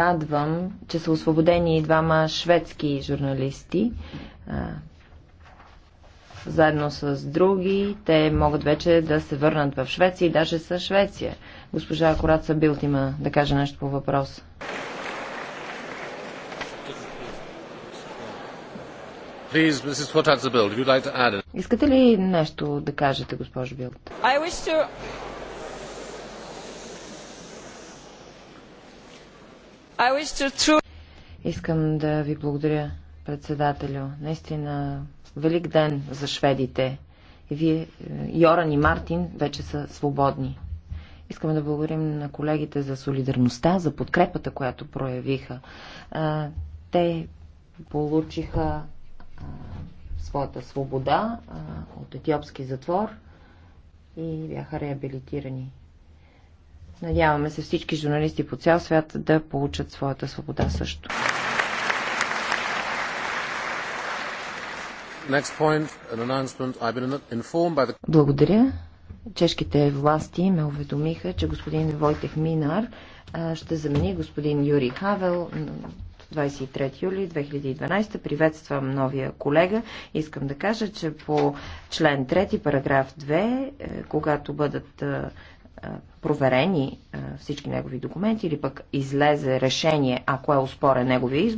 радвам, че са освободени и двама шведски журналисти. Заедно с други, те могат вече да се върнат в Швеция и даже с Швеция. Госпожа Кораца Билт има да каже нещо по въпроса. Искате ли нещо да кажете, госпожо Билт? Искам да ви благодаря, председателю. Наистина, велик ден за шведите. И вие, е, Йоран и Мартин, вече са свободни. Искам да благодарим на колегите за солидарността, за подкрепата, която проявиха. Те получиха своята свобода от етиопски затвор и бяха реабилитирани. Надяваме се всички журналисти по цял свят да получат своята свобода също. Point, an the... Благодаря. Чешките власти ме уведомиха, че господин Войтех Минар ще замени господин Юрий Хавел 23 юли 2012. Приветствам новия колега. Искам да кажа, че по член 3, параграф 2, е, когато бъдат проверени всички негови документи или пък излезе решение, ако е оспорен неговия избор,